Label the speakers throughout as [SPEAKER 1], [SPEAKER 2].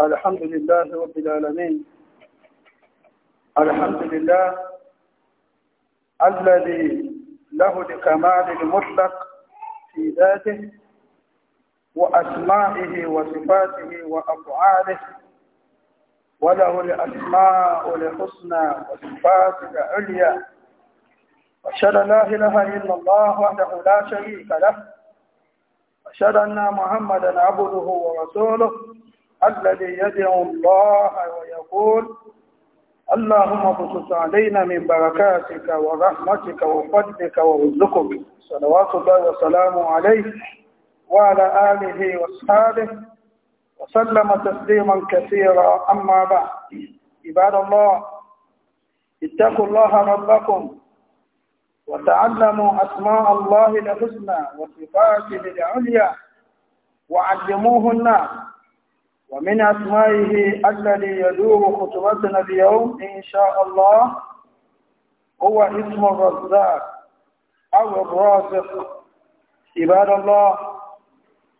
[SPEAKER 1] الحمد لله رب العالمين الحمد لله الذي له الكمال المطلق في ذاته وأسمائه وصفاته وأفعاله وله الأسماء الحسنى وصفات العليا أشهد أن لا إله إلا الله وحده لا شريك له أشهد أن محمدا عبده ورسوله الذي يدعو الله ويقول اللهم بصص علينا من بركاتك ورحمتك وفضلك ورزقك صلوات الله وسلامه عليه وعلى آله وأصحابه وسلم تسليما كثيرا أما بعد عباد الله اتقوا الله ربكم وتعلموا أسماء الله الحسنى وصفاته العليا وعلموه الناس ومن أسمائه الذي يدور خطبتنا اليوم إن شاء الله هو اسم الرزاق أو الرازق عباد الله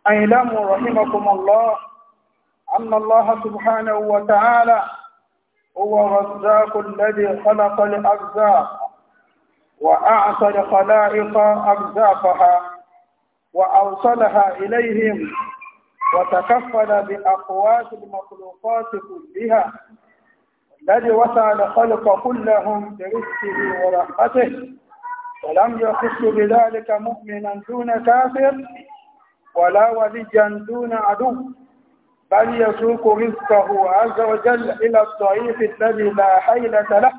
[SPEAKER 1] أعلموا رحمكم الله أن الله سبحانه وتعالى هو الرزاق الذي خلق الأرزاق وأعطى الخلائق أرزاقها وأوصلها إليهم وتكفل بأقوات المخلوقات كلها الذي وسع الخلق كلهم برزقه ورحمته ولم يخص بذلك مؤمنا دون كافر ولا وليا دون عدو بل يسوق رزقه عز وجل إلى الضعيف الذي لا حيلة له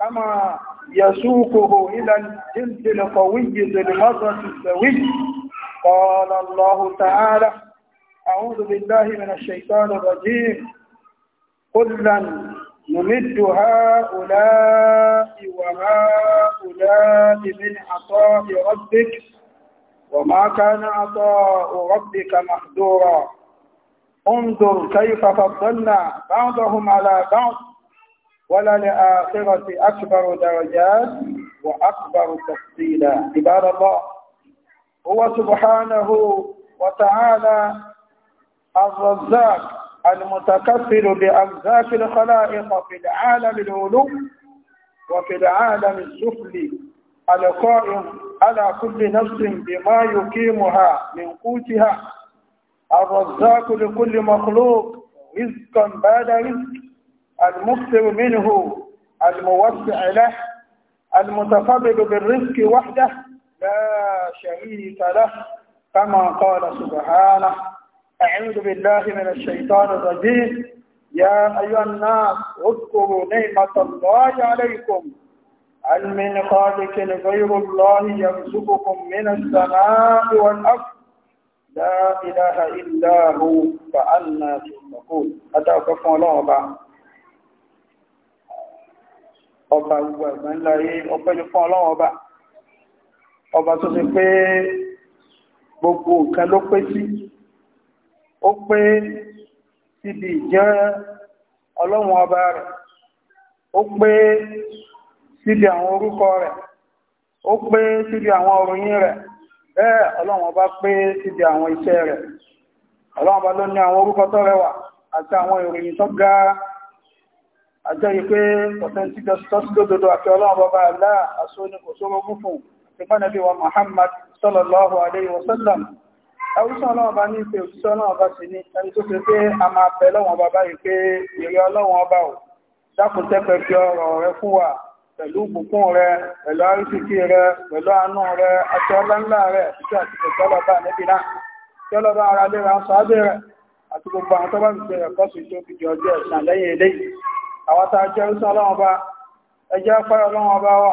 [SPEAKER 1] كما يسوقه إلى الجلد القوي ذي الغرة السوي قال الله تعالى أعوذ بالله من الشيطان الرجيم كلا نمد هؤلاء وهؤلاء من عطاء ربك وما كان عطاء ربك محذورا انظر كيف فضلنا بعضهم على بعض وللآخرة أكبر درجات وأكبر تفضيلا عباد الله هو سبحانه وتعالى الرزاق المتكفل بأرزاق الخلائق في العالم العلو وفي العالم السفلي القائم على كل نفس بما يقيمها من قوتها الرزاق لكل مخلوق رزقا بعد رزق المكثر منه الموسع له المتفضل بالرزق وحده لا شريك له كما قال سبحانه أعوذ بالله من الشيطان الرجيم يا أيها الناس اذكروا نعمة الله عليكم هل من خالق غير الله يرزقكم من السماء والأرض لا إله إلا هو فأنا تتقون أتوقف الله أبا ọba gbogbo ẹ̀gbẹ́ ńlá yé ọpẹ́ ní fún ọlọ́wọ́ ọba ọba tó ti pé gbogbo nǹkan ló pé sí ó pé síbi ìjẹ́ ọlọ́run ọba rẹ̀ ó pé síbi àwọn orúkọ rẹ̀ ó pé síbi àwọn òròyìn rẹ̀ bẹ́ẹ̀ ọlọ́run ọba pé síbi àwọn iṣẹ́ rẹ̀ ọlọ́run ọba ló ní àwọn orúkọ tó rẹwà àti àwọn ìròyìn tó ga àjẹ́ yìí pé ọ̀tẹ́ntí àti ọba aláà wa Muhammad sallallahu alaihi wasallam ẹwùsàn náà bá ní pé òṣìṣẹ́ náà bá ti ní ẹni tó ṣe pé a máa bẹ lọ́wọ́n bàbá yìí pé èrè ọlọ́wọ́n ọba ò dákùntẹ́pẹ́ fi ọ̀rọ̀ rẹ fún wa pẹ̀lú bùkún rẹ pẹ̀lú arísìkí rẹ pẹ̀lú àánú rẹ àti ọlọ́ńlá rẹ àti àti pẹ̀lú ọlọ́ba níbi náà tí ọlọ́ba ara lé ra sọ ábẹ́ rẹ àti gbogbo àwọn tó bá ti bẹ̀rẹ̀ kọ́sù tó fi di ọjọ́ ẹ̀sán lẹ́yìn eléyìí àwọn tá a jẹ́ ẹrúsọ ọlọ́wọ́n ọba ẹjẹ́ afárá ọlọ́wọ́n ọba wà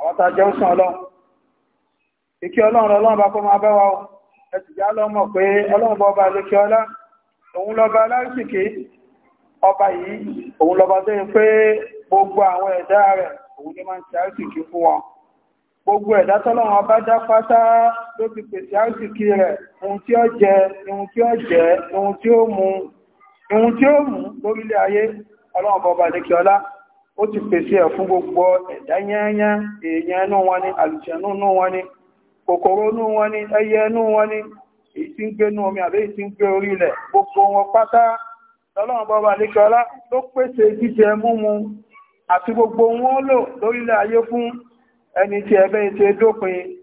[SPEAKER 1] àwọn tá a jẹ́ òsàn ọlọ́run ìkí ọlọ́run ọlọ́run bá kó máa bá wa o ẹ sì já lọ́mọ̀ pé ọlọ́run bá ọba lókè ọlá òun lọ́ba aláìsìkè ọba yìí òun lọ́ba tó yẹ pé gbogbo àwọn ẹ̀dá rẹ̀ òun ni máa ń ṣe àìsìkè fún wọn gbogbo ẹ̀dá tọ́lọ́run ọba dá pátá ló ti pèsè àìsìkè rẹ̀ ohun tí ó jẹ ohun tí ó jẹ ohun tí ó mu ohun tí ó mu ó ti pèsè ẹ̀ fún gbogbo ẹ̀dá èèyàn ẹnú wọn ni àlùjẹ̀nú inú wọn ni kòkòrò inú wọn ni ẹyẹ inú wọn ni èyí tí ń gbé inú omi àbẹ́ gbogbo wọn pátá ló pèsè jíjẹ múmu gbogbo wọn lò lórílẹ̀ ayé fún ẹni tí ẹbẹ́ ti dópin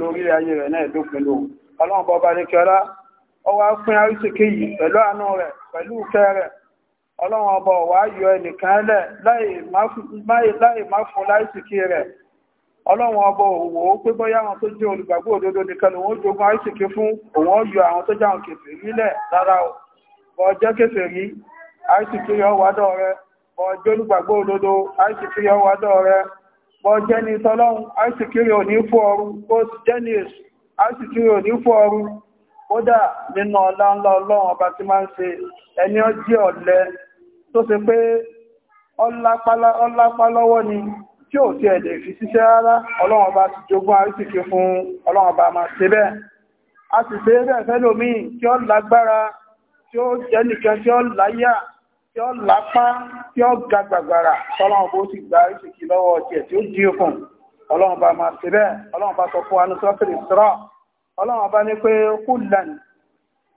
[SPEAKER 1] lórílẹ̀ ayé rẹ̀ náà dópin lò ọwọ́ fún pẹ̀lú àánú rẹ̀ pẹ̀lú ìfẹ́ rẹ̀ ọlọ́run ọba ọ̀wá yọ ẹnìkan lẹ̀ láì má fún láìsìkí rẹ̀ ọlọ́run ọba òwò ó pé bọ́yá àwọn tó jẹ́ olùgbàgbọ́ òdodo nìkan lòun ó jogún àìsìkí fún òun ó yọ àwọn tó jẹ́ àwọn kèfè rí lẹ̀ lára ò bọ́ọ̀jẹ́ kèfè rí àìsìkí yọ wádọ́ rẹ bọ́ọ̀jẹ́ olùgbàgbọ́ òdodo àìsìkí yọ wádọ́ rẹ bọ́ọ̀jẹ́ nínú ọlá ńlá ọlọ́run ọba tí máa ń tó ṣe pé ọlápá lọ́wọ́ ni tí ò ti ẹ̀dẹ̀ fi síṣẹ́ rárá ọlọ́wọ́n bá ti jogún àrísìkí fún ọlọ́wọ́n bá máa ṣe bẹ́ẹ̀ a sì ṣe bẹ́ẹ̀ fẹ́lòmí tí ó lágbára tí ó jẹ́ nìkan tí ó láyà tí ó lápá tí ó ga gbàgbàrà tọ́lọ́wọ́n bó ti gba àrísìkí lọ́wọ́ tiẹ̀ tí ó dí okùn ọlọ́wọ́n bá máa ṣe bẹ́ẹ̀ ọlọ́wọ́n bá sọ fún anusọ́fẹ́lẹ̀ sọ́rọ̀ ọlọ́wọ́n bá ní pé kúlẹ̀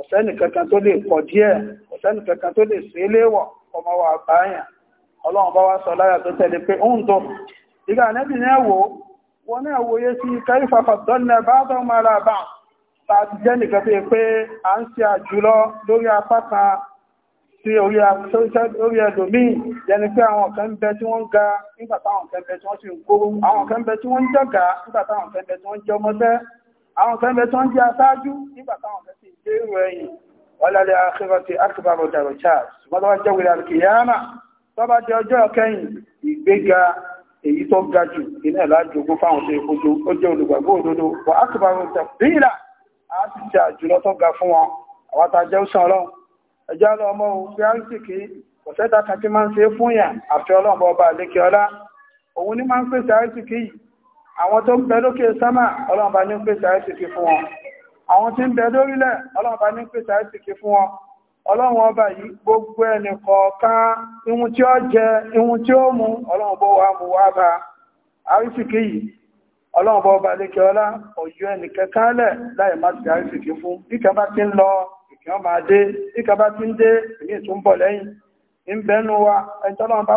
[SPEAKER 1] ọ̀sẹ́nì kankan tó lè kọ̀ díẹ̀ ọ̀sẹ́nì kankan tó lè sí léwọ̀ ọmọ wa báyàn ọlọ́run bá wá sọ láyà tó tẹ́lẹ̀ pé ó ń tó ìgbà nẹ́bì ní ẹ̀wò wọn náà wòye sí kẹrìfàfà dọ́lẹ̀ bá tó máa ra bá ta ti jẹ́ nìkan tó yẹ pé à ń ṣe àjùlọ lórí apá kan sí orí ẹlòmíì yẹni pé àwọn kan bẹ tí wọ́n ga nígbà táwọn kan bẹ tí wọ́n sì ń kóró àwọn kan bẹ tí wọ́n ń jọ̀gá nígbà táwọn kan bẹ tí wọ́n ń jọmọ́sẹ́ àwọn kan bẹ tí wọ́n ń jẹ aṣáájú nígbà táwọn kan kéwìn ẹ̀yìn wàlálẹ̀ àkírọ̀tì akíbarò dàrọ̀jà ṣùgbọ́n tó bá jẹ́ wíra kìyàmà tó bá jẹ́ ọjọ́ kẹ́yìn ìgbéga èyí tó ga jù iná ìlàjògbó fáwọn tó ìkojú ó jẹ́ olùgbàgbọ́ òdodo wà akíbarò dàbílà á ti ṣe àjùlọ tó ga fún wọn àwọn àtàjẹ́ òsàn ọlọ́run ẹjọ́ lọ ọmọ òun pé àrísìkì ọ̀sẹ́ta kan ti máa ń ṣe fún yàn àfi ọlọ́run ọba àlékè ọlá òun ní máa ń pèsè àrísìkì yìí àwọn tó ń bẹ lókè sámà ọlọ́run bá ní ń pèsè àrísìkì fún wọn àwọn tí ń bẹ lórílẹ̀ ọlọ́run bá ní pèsè àìsìkí fún wọn ọlọ́run ọba yìí gbogbo ẹnì kọ̀ọ̀kan ihun tí ó jẹ ihun tí ó mu ọlọ́run bọ́ wa mú wá bá àìsìkí yìí ọlọ́run bọ́ ọba lékè ọlá ọ̀yọ́ ẹnì kẹkálẹ̀ láì má sí àìsìkí fún ìkẹ́ bá ti ń lọ ìkẹ́ ọmọ adé ìkẹ́ bá ti ń dé èmi ìtúnbọ̀ lẹ́yìn ń bẹnu wa ẹ̀ńtọ́lọ́run bá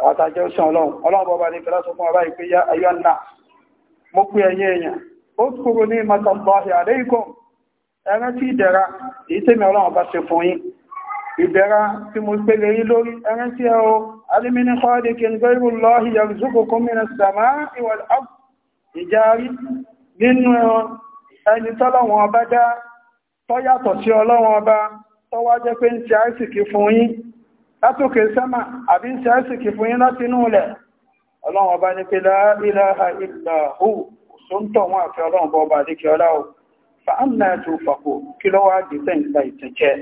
[SPEAKER 1] àwọn tàjẹ́ òṣìṣẹ́ ọlọ́run ọlọ́run bọ́ba ní fẹ́lá sọ fún ọba ìpé yá ayọ́ nà mo pé ẹyẹ èèyàn ó kúrò ní matallahi alaykum ẹran tí ìdẹ̀ra èyí tèmi ọlọ́run bá ṣe fún yín ìdẹ̀ra tí mo pé lè yí lórí ẹran tí ẹ o alimini kọ́ọ̀dì kí n gbé irú látòkè sẹ́mà àbí ṣe ẹ́sìkì fún yín láti inú ilẹ̀ ọlọ́run ọba ní pé la ilaha illa hu sóńtọ̀ wọn àfi ọlọ́run bọ́ ọba àdíkì ọlá o fàánà ẹ̀tù fàkó kí lọ́wọ́ àdì tẹ́ǹgbà ìtẹ̀jẹ́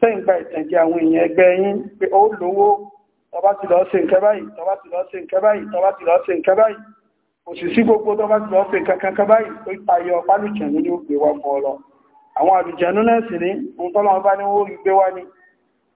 [SPEAKER 1] tẹ́ǹgbà ìtẹ̀jẹ́ àwọn èèyàn ẹgbẹ́ yín pé ó lówó tọba ti lọ ṣe nǹkan báyìí tọba ti lọ ṣe nǹkan báyìí tọba ti lọ ṣe nǹkan báyìí òṣìṣí gbogbo tọba ti lọ ṣe nǹkan kankan báyìí tó tayọ pálùjẹ̀nú ní ó gbé wá fún ọ lọ àwọn àlùjẹ̀nú náà sì ní ohun tọ́lọ́wọ́ bá ní ó rí gbé wá ni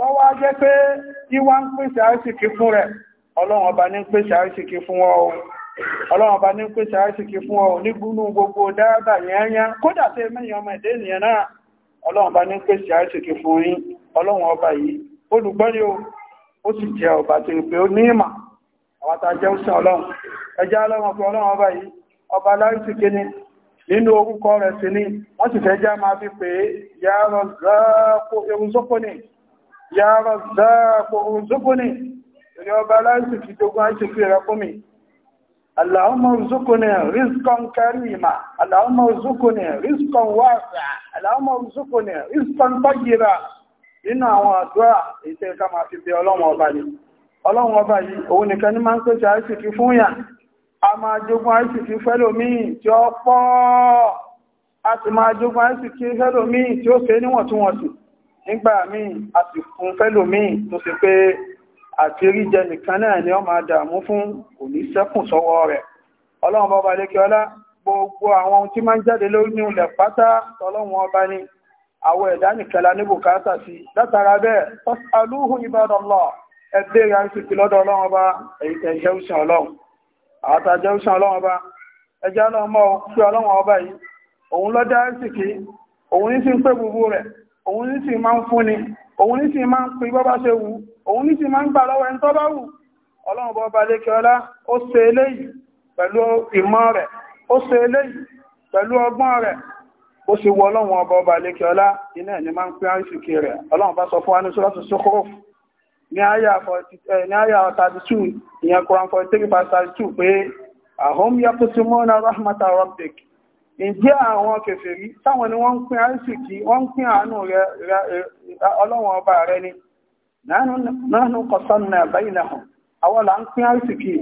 [SPEAKER 1] tọ́wọ́ jẹ́ pé ìwà ń pèsè àrísìkí fún rẹ̀ ọlọ́run ọba ní ń pèsè àrísìkí fún ọ ọlọ́run ọba ní ń pèsè àrísìkí fún ọ nígbúnú gbogbo dáadáa yẹnyẹn kódà tẹ mẹ́yìn ọmọ ẹ̀dẹ́ ènìyàn náà ọlọ́run ọba ní ń pèsè àrísìkí fún yín ọlọ́run ọba yìí olùgbọ́ni ó sì jẹ́ ọba tó pé ó ní ìmọ̀ ni nínú orúkọ rẹ̀ sí ni wọ́n sì fẹ́ já máa fi pé yàrá ọ̀gá kó ewu sókó ya razzaku urzuqni ni ọba láti fi dogun aṣèfì rẹ̀ fún mi allahumma urzuqni rizqan karima allahumma urzuqni rizqan wasi'a allahumma urzuqni rizqan tayyiba nínú àwọn àdúrà ìtẹ́ ká máa fi bẹ ọlọ́run ọba yìí ọlọ́run ọba yìí òun nìkan ní máa ń àìsìkí fún tí ó pọ̀ a sì máa jogún àìsìkí fẹ́lòmíì tí ó fẹ́ níwọ̀ntúnwọ̀nsì nígbà míì a sì fún fẹ́lòmíì tó ṣe pé àti ríjẹ nìkan náà ni ó máa dààmú fún kò ní sẹ́kùn sọ́wọ́ rẹ̀ ọlọ́run bọ́ba lékẹ́ ọlá gbogbo àwọn ohun tí máa ń jáde lórí ní ilẹ̀ pátá tọlọ́run ọba ni àwọn ẹ̀dá nìkan la ní bùkátà sí látara bẹ́ẹ̀ alúhù ibadallah ẹgbẹ́ ìyá sí ti lọ́dọ̀ ọlọ́run ọba èyí tẹ̀ jẹ́ òṣìn ọlọ́run àtà jẹ́ òṣìn ọlọ́run ọba ẹjẹ́ ọlọ́run mọ́ pé ọlọ́run ọba yìí òun lọ́dá sí kí òun ní sí ń pé gbogbo òun ní sì máa ń fúnni òun ní sì máa ń pín bọ́bá ṣe wù òun ní sì máa ń gbà lọ́wọ́ ẹni tó bá wù ọlọ́run bọ́ba lékẹ́ ọlá ó ṣe eléyìí pẹ̀lú ìmọ̀ rẹ̀ ó ṣe eléyìí pẹ̀lú ọgbọ́n rẹ̀ ó sì wọ ọlọ́run ọba ọba lékẹ́ ọlá iná ẹ̀ máa ń pín àríṣìkì rẹ̀ ọlọ́run bá sọ fún wa ní sọ́lọ́sì sókòrò ní rahmata rabbik ǹjẹ́ àwọn kèfèrí táwọn ni wọ́n ń pín àìsìkí wọ́n ń pín àánú rẹ ọlọ́wọ̀n ọba rẹ ni nánú kọsánà bainahum àwọn là ń pín àìsìkí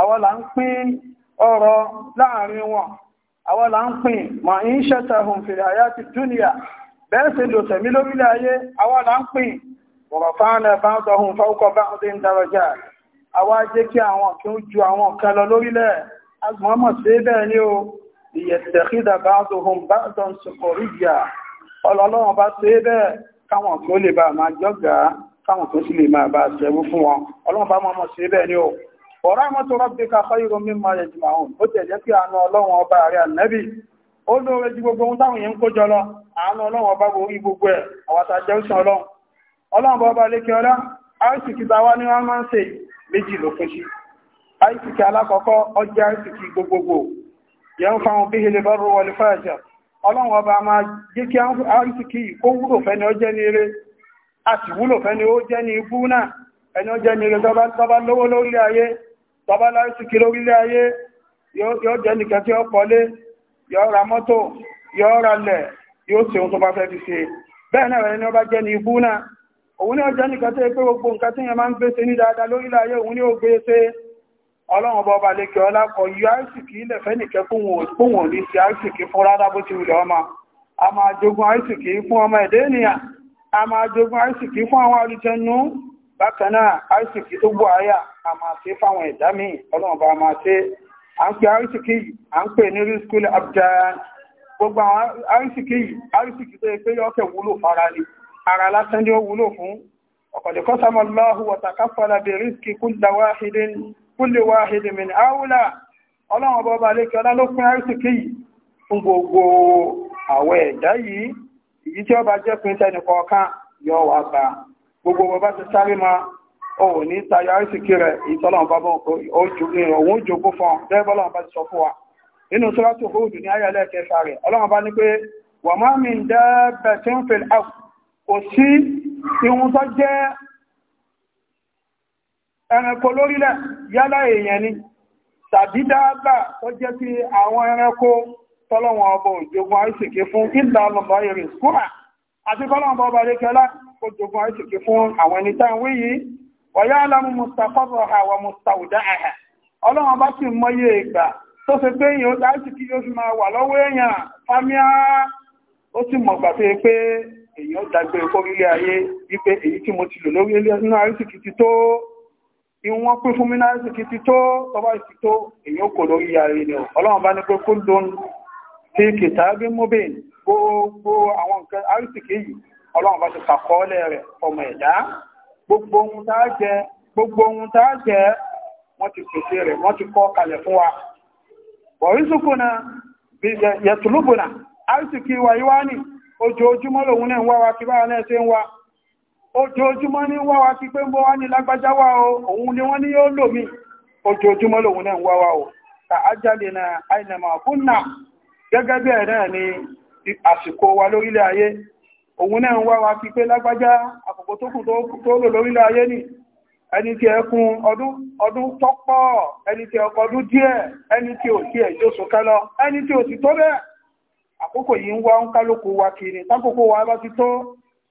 [SPEAKER 1] àwọn là ń pín ọrọ̀ láàrin wọn àwọn là ń pín ma in shatahum fil hayati dunya bẹ́ẹ̀ sì lò tẹ̀mí lórílẹ̀ ayé àwọn là ń pín warafa'na ba'dahum fawqa ba'din darajat àwọn ajé kí àwọn kí ó ju àwọn kan lọ lórílẹ̀ agbọ̀n mọ̀ sí bẹ́ẹ̀ ni o ìyẹ̀tẹ̀kídà bá tóhun bá tọ́n sọ̀kọ̀ríyà ọlọ́lọ́wọ́n bá ṣe é bẹ́ẹ̀ káwọn kó lè bá máa jọ́gà káwọn kó sì lè máa bá ṣẹ̀wú fún wọn ọlọ́wọ́n bá mọ́ ṣe é bẹ́ẹ̀ ni ó ọ̀rọ̀ àmọ́ tó rọ́bì ká kọ́yìrò mímọ́ lóore ju gbogbo ohun táwọn yẹn ń kójọ lọ àánú ọlọ́wọ́n ọba borí gbogbo ẹ̀ àwọn àtàjẹ́ òsàn ọlọ́run ọlọ́run bọ́ ọba lékè ọlá àìsìkì tàwa ni wọ́n máa ń ṣe méjì lókun sí àìsìkì alákọ̀ọ́kọ́ ọjọ́ àìsìkì gbogbogbò ينفع به البر والفاجر ọlọ́run ọba máa jẹ́ kí àrísìkí ó wúlò fẹ́ni ó jẹ́ ní eré a sì wúlò fẹ́ni ó jẹ́ ní ibú náà ẹni ó jẹ́ ní eré tọba lówó lórílẹ̀ ayé tọba lárísìkí lórílẹ̀ ayé yóò jẹ́ nìkan tí ó pọ̀lé yóò ra mọ́tò yóò ra lẹ̀ yóò ṣe ohun tó bá fẹ́ fi ṣe bẹ́ẹ̀ náà ẹni ó bá jẹ́ ní ibú náà òun ni ó jẹ́ nìkan tí ó pé gbogbo nǹkan tí yẹn máa ń gbé ṣe ní dáadáa lórílẹ̀ ayé òun ni ó gbé ṣe ọlọ́run ọba ọba lékẹ́ ọlá kọ yọ àìsìkì ilẹ̀ fẹ́nìkẹ́ fóhùn òní sí àìsìkì fún rárá bó ti wùlẹ̀ ọmọ a máa jogun àìsìkì fún ọmọ ẹ̀dẹ́ ènìyàn a máa jogun àìsìkì fún àwọn alùjẹnu bákan náà àìsìkì tó gbọ́ àyà a máa ṣe fáwọn ẹ̀dá míì ọlọ́run ọba máa ṣe à ń pè àìsìkì yìí à ń pè ní kúlè wá hìdìmìn áúlà ọlọ́run ọba ọba lékẹ́ ọlá ló pín àrísìkí yìí fún gbogbo àwọ̀ ẹ̀dá yìí èyí tí ọba jẹ́ pín tẹnì kọ̀ọ̀kan yọ wà bá gbogbo bàbá ti sáré ma ò ní tayọ àrísìkí rẹ̀ ìtọ́lọ́run bá òun jogún fún ọ bẹ́ẹ̀ bọ́lọ́run bá ti sọ fún wa nínú sọ́lọ́tò hóòdù ní ayẹlẹ́ kẹfà rẹ̀ ọlọ́run bá ní pé wà má mi dábẹ̀ tí ń fẹ́ kò sí ihun tó jẹ́ ẹranko lórílẹ̀ yálà èèyàn ni tàbí dáàbà ó jẹ́ ti àwọn ẹranko tọ́lọ́wọ́n ọba òjògùn àìsìkè fún ìlà ọlọ́bà èrè skúrà àti kọ́lọ́wọ́n ọba lékẹ́lá òjògùn àìsìkè fún àwọn ẹni tá ń wí yìí ọ̀yá mustapha àwà mustauda àhà ọlọ́wọ́n bá sì mọyé ìgbà tó pé èèyàn yóò fi máa wà lọ́wọ́ èèyàn fámíà ó sì mọ̀ gbà pé mo ti lò lórí ilé ti tó ìwọ̀n pín fún mínárìsì kí ti tó tọba ìsì tó èyàn kò lórí yàrí ni bá ní pé kó kìtà bí mobin gbogbo àwọn nǹkan àrísìkí yìí ọlọ́wọ̀n bá ti kàkọọ́lẹ̀ rẹ̀ ọmọ ẹ̀dá gbogbo ohun tá jẹ wọ́n ti pèsè rẹ̀ wọ́n na yẹtùlùbùnà àrísìkí wa yíwá ní ojoojúmọ́ lòun náà wá wa kí náà ṣe ń ojoojúmọ́ ní wá wa ti pé ń bọ́ wá ní lágbájá wá o òun ni wọ́n ní yóò lò mí ojoojúmọ́ lòun náà ń wá wa o ta ajáde na àìnàmà fún náà gẹ́gẹ́ bí ni àsìkò wa lórílẹ̀ ayé òun náà ń wá wa ti pé lágbájá àkókò tó kù tó lò lórílẹ̀ ayé ni ẹni tí ẹ ọdún tọ́pọ̀ ẹni tí ọkọ̀ ọdún ẹni tí ò ẹni tí ò sì tó bẹ́ẹ̀ àkókò yìí ń wa kiri tákòókò wa bá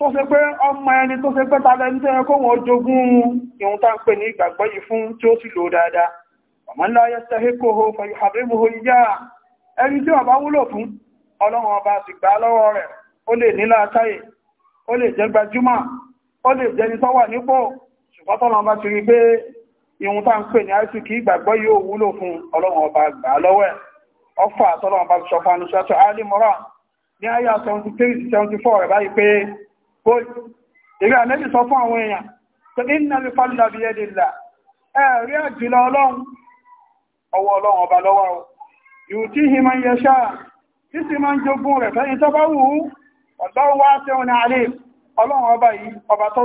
[SPEAKER 1] tó ṣe pé ọmọ ẹni tó ṣe pé tàbí tó yẹ kó wọn jogún ìhun tá ń pè ní ìgbàgbọ́ yìí fún tí ó sì lò dáadáa ọmọ ńlá yẹ sẹ́hé kó ho fẹ̀yì àbẹ́mùhó ìyá ẹni tí ọba wúlò fún ọlọ́run ọba sì gbà lọ́wọ́ rẹ̀ ó lè ní láàkáyè ó lè jẹ́ gbajúmọ̀ ó lè jẹ́ni tó wà nípò ṣùgbọ́n tọ́lọ́run bá ìhun tá ń pè ní àìsíkì ìgbàgbọ́ yìí wúlò fún ọlọ́run ọba gbà lọ́wọ́ ọfà tọ́lọ́run bá ti sọ fún anúṣàtọ̀ ní àyà 73 74 rẹ̀ báyìí pé èrè àlẹ́bì sọ fún àwọn èèyàn tó ní nàbí fàlìlà bí ẹ́ dìlà ẹ̀rí àjìlá ọlọ́run ọwọ́ ọlọ́run ọba lọ́wọ́ o yìí tí hì máa ń yẹ ṣáà tí sì máa ń jogún rẹ̀ fẹ́yìn tó bá wù ú ọ̀dọ́ wá sí ọ̀nà àlè ọlọ́run ọba yìí ọba tó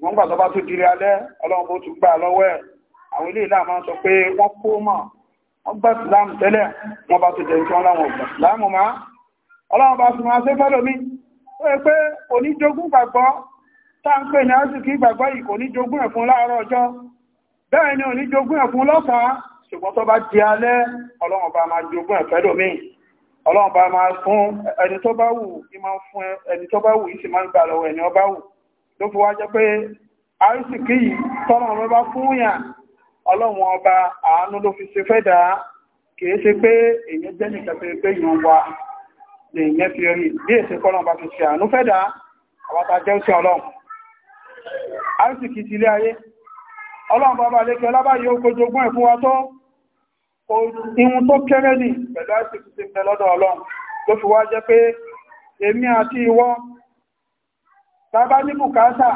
[SPEAKER 1] ṣùgbọ́n gbà tó bá tó diri alẹ́ ọlọ́run bó tún gbà lọ́wọ́ ẹ̀ àwọn ilé ìlà máa sọ pé wọ́n kó mọ̀ wọ́n gbà síláàmù tẹ́lẹ̀ wọ́n bá tó jẹun tí wọ́n láwọn ọ̀gbà síláàmù má ọlọ́run bá sì máa ṣe fẹ́lòmí ó yẹ pé oníjogún gbàgbọ́ tá ń pè ní àsìkí gbàgbọ́ yìí kò ní jogún ẹ̀fún láàárọ̀ ọjọ́ bẹ́ẹ̀ ni òní jogún ẹ̀fún lọ́sàn-án ṣùgbọ́n tó bá di alẹ́ ọlọ́run bá máa jogún ẹ̀fẹ́ lómi ọlọ́run bá máa fún ẹni tó bá wù í máa fún ẹni tó bá wù í sì máa ń gbà lọ́wọ́ ẹni ọba wù ló fi wá jẹ́ pé àrísìkí yìí tọ́nà ọmọ bá fún yàn ọlọ́run ọba àánú ló fi ṣe fẹ́dà kìí ṣe pé èyàn jẹ́ nìkan pé pé yàn wà lè yẹn fi rí bí èsì kọ́nà ọba fi ṣe àánú fẹ́dà àwátà jẹ́ òṣì ọlọ́run àrísìkí ti ilé ayé ọlọ́run bàbá lékẹ́ ọlábá yóò kojú ogún ẹ̀fún wa tó ihun tó kéré ní pẹ̀lú àrísìkí ti ń lọ́dọ̀ ọlọ́run ló fi wá jẹ́ pé èmi àti ìwọ bàbá ní bùkátà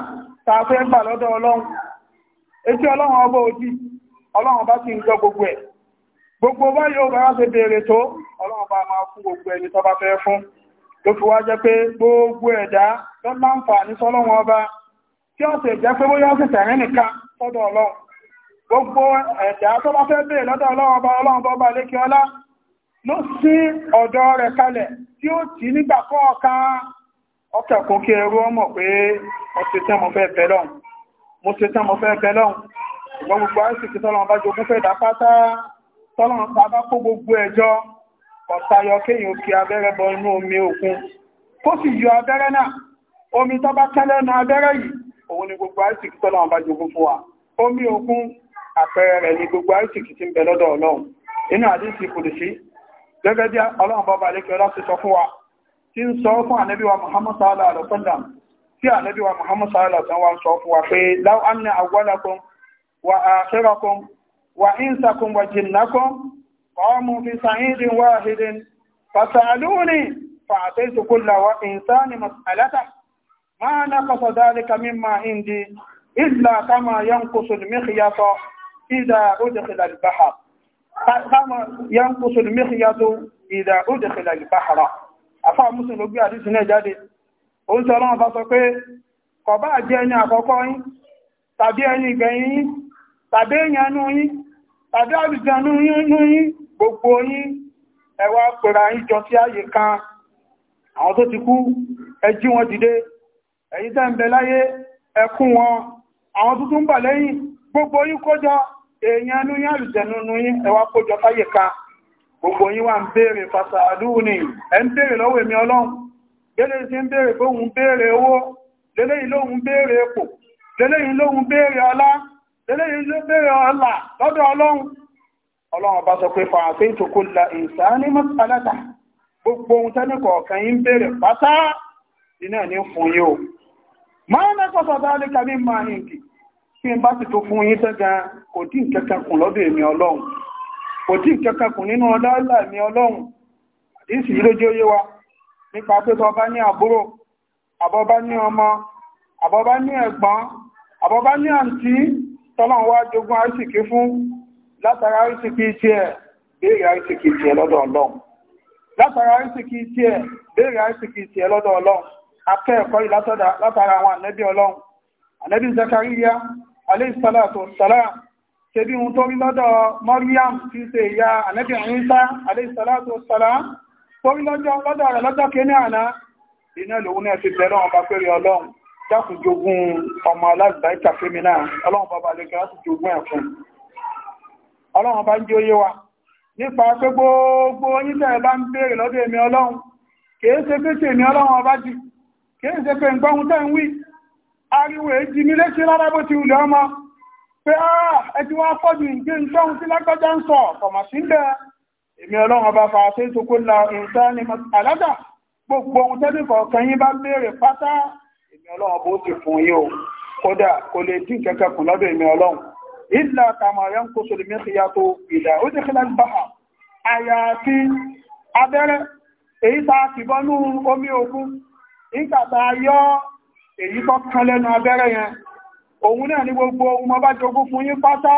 [SPEAKER 1] tààfẹ́ gbà lọ́dọ̀ ọlọ́run etí ọlọ́run ọba òjì ọlọ́run bá ti ń gbọ́ gbogbo ẹ̀ gbogbo wá yóò bá ṣe béèrè tó ọlọ́run bá máa fún gbogbo ẹni tó bá fẹ́ fún ló fi wá jẹ́ pé gbogbo ẹ̀dá ló máa ń fà ní sọ́lọ́run ọba tí ó sì jẹ́ pé bóyá sì tẹ̀rín nìkan sọ́dọ̀ ọlọ́run gbogbo ẹ̀dá tó bá fẹ́ béèrè lọ́dọ̀ ọlọ́run ọba ọlọ́run bá ọba lékè ọlá ló sí ọ̀dọ̀ rẹ̀ kalẹ̀ tí ó tì nígbà kọ̀ọ̀kan ọkẹ̀kún kí ẹrú ọmọ pé mo ṣe tán mo fẹ́ bẹ̀ lọ́hùn mo ṣe tán mo fẹ́ bẹ̀ lọ́hùn ṣùgbọ́n gbogbo àìsìkí tọ́lọ́run bá jogún fẹ́ dá pátá tọ́lọ́run pa bá kó gbogbo ẹjọ́ ọ̀tayọ kéèyàn kí abẹ́rẹ́ bọ inú omi òkun kó sì yọ abẹ́rẹ́ náà omi tó bá tẹ́lẹ̀ nu abẹ́rẹ́ yìí òun ni gbogbo àìsìkí tọ́lọ́run bá jogún fún wa omi òkun àpẹẹrẹ rẹ̀ ni gbogbo àìsìkí ti ń bẹ lọ́dọ̀ ọlọ́run inú àdínsì kùdùsí gẹ́gẹ́ bí ọlọ́run bọ́ba lékẹ́ ọlá ti sọ fún wa tin sọ fún anabi wa Muhammad sallallahu alaihi wasallam tí anabi wa Muhammad sallallahu alaihi wasallam sọ fún wa pé law anna awwalakum wa akhirakum wa insakum wa jinnakum qamu fi sa'idin wahidin fasaluni fa'ataitu kulla wa insani mas'alata ma naqasa dhalika mimma indi illa kama yanqusu al-mikhyata idha udkhila al-bahr kama yanqusu al-mikhyatu idha udkhila al-bahra àfáà Muslim ló gbé àdísì náà jáde ó ń sọ ọlọ́run bá sọ pé kọ̀bá jẹ́ ẹni àkọ́kọ́ yín tàbí ẹni ìgbẹ̀yìn yín tàbí èèyàn nú yín tàbí àrùjánú yín gbogbo yín ẹ wá pèrà yín jọ sí ààyè kan àwọn tó ti kú ẹ jí wọn dìde ẹ̀yin tẹ́ ń bẹ láyé ẹ wọn àwọn tuntun ń bà lẹ́yìn gbogbo yín kójọ èèyàn nú yín àrùjánú yín kójọ sáyè kan gbogbo yín wà ń béèrè fàṣàdú ni ẹ ń béèrè lọ́wọ́ èmi ọlọ́run lélẹ́ tí ń béèrè pé òun béèrè owó lélẹ́ yìí lóhun béèrè epo lélẹ́ yìí lóhun béèrè ọlá lélẹ́ yìí ló béèrè ọlá lọ́dọ̀ ọlọ́run ọlọ́run bá sọ pé fàáfẹ́ ìtòkó la ìsáání mọ́sálátà gbogbo ohun tẹ́lẹ̀ kọ̀ọ̀kan yín béèrè pátá iná ní fún yín máa ń lẹ́kọ̀ọ́ sọ̀tà lè kàmí máa ń kí n bá sì tó fún yín tẹ́gan kò dín kẹ́kẹ́ kù lọ́dọ̀ èmi ọlọ́run kò tí ìkẹ́kẹ́kùn nínú ọlọ́ọ̀lá ní ọlọ́run àdísì lójú oyé wa nípa pé tọba ní àbúrò àbọ́bá ní ọmọ àbọ́bá ní ẹ̀gbọ́n àbọ́bá ní àǹtí tọ́lọ́run wá jogún àrísìkí fún látara àrísìkí tiẹ̀ béèrè àrísìkí tiẹ̀ lọ́dọ̀ ọlọ́run látara àrísìkí tiẹ̀ béèrè àrísìkí tiẹ̀ lọ́dọ̀ ọlọ́run akẹ́ẹ̀kọ́ yìí látara àwọn ànẹ́bí ọlọ́run ànẹ́bí Zakariya alayhi salatu wassalam ṣebí ohun tó rí lọ́dọ̀ Maryam tí ṣe ìyá ànẹ́bì Ìsá aléìsàlátù ọ̀sàlá tó rí lọ́dọ̀ rẹ̀ lọ́jọ́ kéní àná iná lòun náà ti bẹ̀rẹ̀ ọba pẹ̀rẹ̀ ọlọ́run dákùn jogún ọmọ alágbàáta fẹ́mi náà ọlọ́run bàbá lè gbà láti jogún ẹ̀fún ọlọ́run bá ń jẹ́ oyé wa nípa pé gbogbo yín tẹ́ bá pé ah, ẹti wọ́n fọ́jú ìgbé la ìrìnsẹ́ ní alága gbogbo ohun tẹ́bí kọ̀ọ̀kan yín bá béèrè pátá èmi ọlọ́run bó ti fún yín o kódà kò lè dín kẹ́kẹ́ kù lọ́dọ̀ èmi ọlọ́run ìlà tàmàrà ń kó solomí ti yàtọ̀ ìdà ó ti kílá bá a àyàfi abẹ́rẹ́ èyí ta kìbọnú omi òkun èyí tó kan lẹ́nu abẹ́rẹ́ yẹn òun náà ni gbogbo ohun ọba jogún fún yín pátá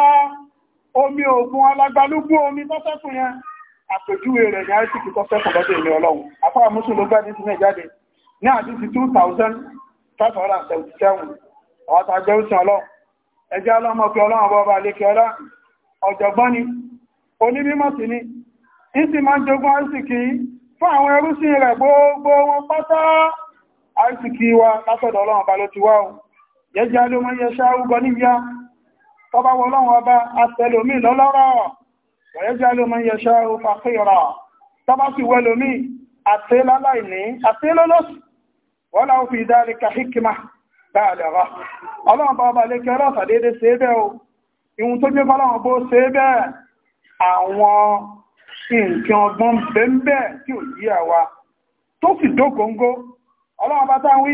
[SPEAKER 1] omi ògùn alágbálúgbú omi tọ́sẹ́kùn yẹn àpèjúwe rẹ̀ ní àìsíkì tọ́sẹ́kùn lọ́dọ̀ ìlú ọlọ́run afọ́wà mùsùlùmí ló gbá ní sílẹ̀ jáde ní àdísí 2577 àwọn tàjẹ́ òsìn ọlọ́run ẹjẹ́ ọlọ́mọ pé ọlọ́run ọba ọba lékè ọlá ọ̀jọ̀gbọ́n ni onímímọ̀ sí ni ìsì máa ń jogún àìsíkì fún àwọn ẹrúsìn rẹ̀ gbogbo wọn pátá àìsíkì wa látọ̀dọ̀ ọlọ́run ọba ló ti wá ohun yẹjá ló mọ́ yẹ ṣáúgọ níyà tọba wọlọ́wọ́ ọba àtẹlòmí lọ́lọ́rọ̀ yẹjá ló mọ́ yẹ ṣáú fàfíìrọ̀ tọba ti wẹlòmí àtẹláláìní àtẹlọ́lọ́sì wọ́n láwọ́ fi dhalika hikima dáadọ̀rọ̀ ọlọ́run bá lékẹ́ ọlọ́sà déédé ṣe bẹ́ẹ̀ o ìhun tó jẹ́ fọ́lọ́run bó ṣe bẹ́ẹ̀ àwọn nǹkan ọgbọ́n bẹ́ẹ̀ tí ò yí àwa tó sì dógóngó ọlọ́run bá táwí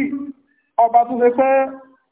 [SPEAKER 1] ọba tó ṣe pé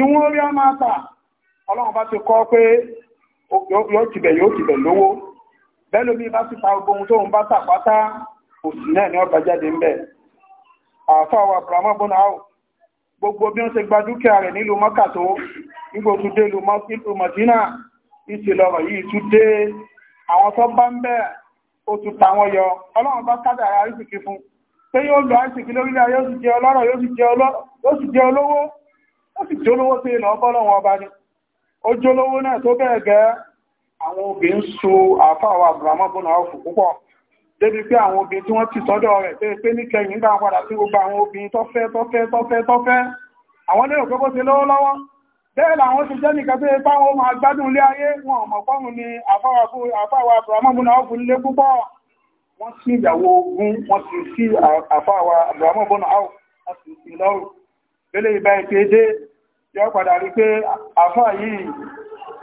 [SPEAKER 1] ìwọ̀n orí a máa tà ọlọ́run bá ti kọ́ pé yóò tìbẹ̀ yóò tìbẹ̀ lówó bẹ́ẹ̀ lómi bá ti ta gbogbo ohun tóun bá tà pátá òsì náà ni ọba jáde ń bẹ̀ àáfà wa brahma bọ́nà áwò gbogbo bí wọ́n ṣe gba dúkìá rẹ̀ nílùú mọ́kà tó nígbò tún dé ìlú mọ̀dínà ìṣẹ̀ lọ́rọ̀ yìí tún dé àwọn tó bá ń bẹ̀ ó tún ta wọn yọ ọlọ́run bá kádàrá àrísìkí fún pé yóò lọ àrísìkí lórílẹ̀ yóò sì jẹ́ olówó ó sì jólówó sí ìlọ ọbọ́lọ́wọ́ ọba ni ó jólówó náà tó bẹ́ẹ̀ gẹ́ àwọn obìnrin so àfáwà àbùrámọ́bùnà ọ̀fù púpọ̀ débi pé àwọn obìnrin tí wọ́n ti sọ́dọ̀ rẹ̀ tẹ́ pé ní kẹyìn gbà padà sí gbogbo àwọn obìnrin tọ́fẹ́ tọ́fẹ́ tọ́fẹ́ tọ́fẹ́ àwọn lérò pé bó ti lówó lọ́wọ́ bẹ́ẹ̀ làwọn ti jẹ́ nìkan tó ipá wọn máa gbádùn ilé ayé wọn ọmọ fọ́run ni àfáwà àbùrámọ́bùnà ọ̀fù nílé púpọ̀ wọ́n sí ìyàwó ogun wọ́n sì sí àfáwà àbùrámọ́bùnà ọ̀fù lélé ìbá ìpé dé yọ padà rí pé àfáà yìí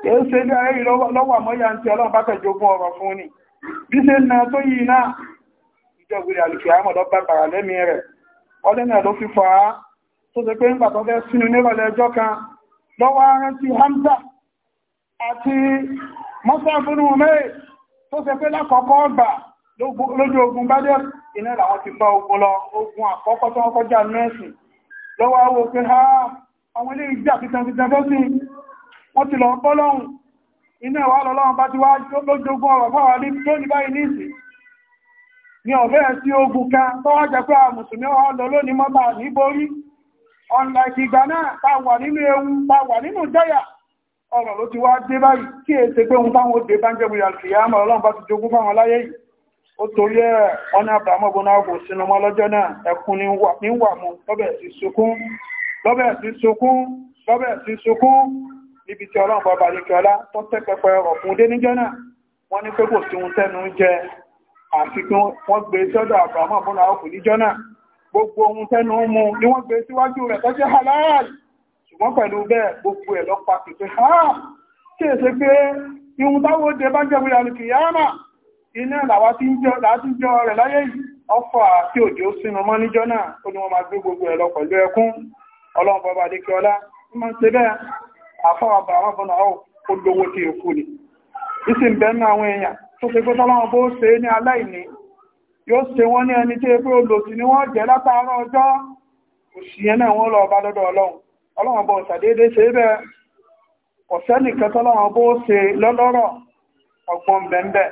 [SPEAKER 1] èé ṣe ilé ayé lọ́wọ́ àmọ́yà ń tí ọlọ́run bá fẹ́ jogún ọrọ̀ fún ni bí ṣe na tó yìí náà ìjọgbìrì àlùfẹ́ àmọ̀lọ́ bá bàrà lẹ́mí rẹ̀ ọdún náà ló fi fà á tó ṣe pé ń gbà tó fẹ́ sínú nírọ̀lẹ́ ọjọ́ kan lọ́wọ́ arántí Hamza àti mọ́sáfúnnú mẹ́rin tó ṣe pé lákọ̀ọ́kọ́ ọgbà lójú ogun bá dẹ̀ iná làwọn ti bá ogun lọ ogun àkọ́kọ́ tó wọ́n kọjá mẹ́sìn lọ́wọ́ awò pé ha àwọn ilé ìjà fìtàfìtà fẹ́sí wọ́n ti lọ bọ́ lọ́hùn iná ẹ̀wà lọ́lọ́run bá ti wá lójógún ọ̀rọ̀ fáwà ní tó ní báyìí nìsí ni ọ̀fẹ́ sí ogun kan tó wá jẹ́ pé àmùsùnmí wá lọ lónìí mọ́ta níborí unlike ìgbà náà ta wà nínú ewu ta wà nínú jẹ́yà ọ̀rọ̀ ló ti wá dé báyìí kí èsè pé ohun táwọn ó dé bá ń jẹ́ mú ó torí ẹ̀ wọ́n ní abrahamu bọ́nàbò sínú mọ́ lọ́jọ́ náà ẹkùn ní wà mú lọ́bẹ̀ sí sunkún lọ́bẹ̀ sí sunkún lọ́bẹ̀ sí sunkún níbi tí ọlọ́run bàbá àdékọ́lá tó tẹ́ pẹpẹ ọ̀fun dé níjọ́ náà wọ́n ní pé kò sí ohun tẹ́nu jẹ àfi wọ́n gbé e sọ́dọ̀ abrahamu bọ́nàbò níjọ́ náà ni wọ́n gbé e síwájú halal ṣùgbọ́n pẹ̀lú bẹ́ẹ̀ gbogbo ẹ̀ lọ́pàá pípé ha kí èsè iná làwá tí ń jọ rẹ̀ láyé ọfọ́ àti òjò sínú mọ́ náà ó ní gbogbo pẹ̀lú ẹkún ọlọ́run bọba máa ń ṣe bẹ́ẹ̀ ó lówó tí ni ìsìn bẹ́ẹ̀ nú àwọn èèyàn tó ṣe pé tọ́lọ́run bó ṣe ní aláìní yóò ṣe wọ́n ní ẹni tí pé olòsì ni wọ́n jẹ́ látàárọ̀ ọjọ́ òṣìyẹn náà wọ́n lọ bá lọ́dọ̀ ọlọ́run ọlọ́run bọ̀ ṣàdédé ṣe bẹ́ẹ̀ ọ̀sẹ́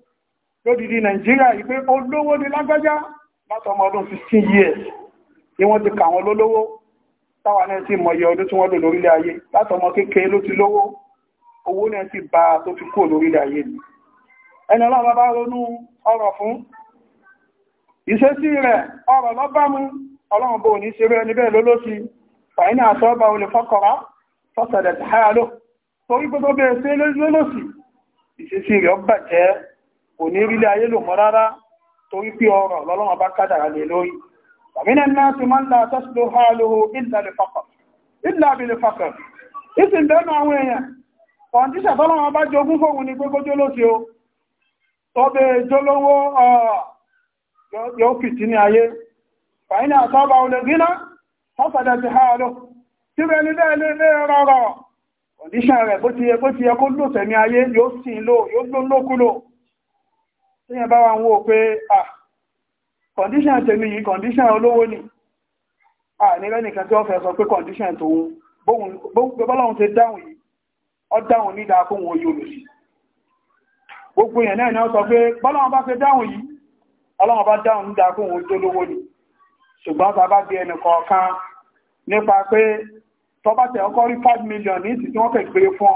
[SPEAKER 1] lódìdí Nigeria, yìí pé olówó ni lágbájá látọmọ ọdún 15 years ni wọ́n ti kà wọ́n lólówó táwa náà ti mọ̀yẹ ọdún tí wọ́n lò lórílẹ̀ ayé látọmọ kékeré ló ti lówó owó náà ti bá tó fi kúrò lórílẹ̀ ayé ni ẹni ọlọ́run bá ronú ọrọ̀ fún ìṣesí rẹ̀ ọrọ̀ lọ́bàmú ọlọ́run bó ní ṣe rẹ̀ níbẹ̀ lólóṣì fàínà àtọ́bà olè fọ́kọ̀rá fọ́sẹ̀lẹ̀ tààlò torí gbogbo bẹ̀rẹ̀ sí lólóṣì ìṣesí rẹ̀ ó bàjẹ́ kò ní rí ilé ayé lò mọ́ rárá torí pé ọrọ̀ lọ́lọ́wọ́ bá kádàrà lè lórí àmìnà náà ti máa ń la tọ́sílò ha lóho ìlàbìlì fakọ̀ ìsìn bẹ́ẹ̀nà àwọn èèyàn kọ̀ǹtíṣà tọ́lọ́wọ́ bá jogún fóhun ní gbogbo jóló ti o tó bẹ jólówó yóò fìtí ní ayé fàínà àtọ́bà olè gíná tọ́sàdà ti ha lọ rọrọ̀ kọ̀ǹtíṣà rẹ̀ bó ti yẹ kó lò tẹ̀mí ayé yóò sì lò yóò lò tí yẹn bá wá ń wò pé à kọ̀ndíṣàn tèmi yìí kọ̀ndíṣàn olówó ni à nílẹ̀ nìkan tí wọ́n fẹ́ sọ pé kọ̀ndíṣàn tòun bọ́lọ́hun ti dáhùn yìí ọ dáhùn ní ìdáa fún wọn yóò lòsì gbogbo èèyàn náà ni wọ́n sọ pé bọ́lọ́hun bá fẹ́ dáhùn yìí ọlọ́hun bá dáhùn ní ìdáa fún wọn tó lówó ni ṣùgbọ́n million ní ìsìn tí wọ́n kẹ̀ gbé fún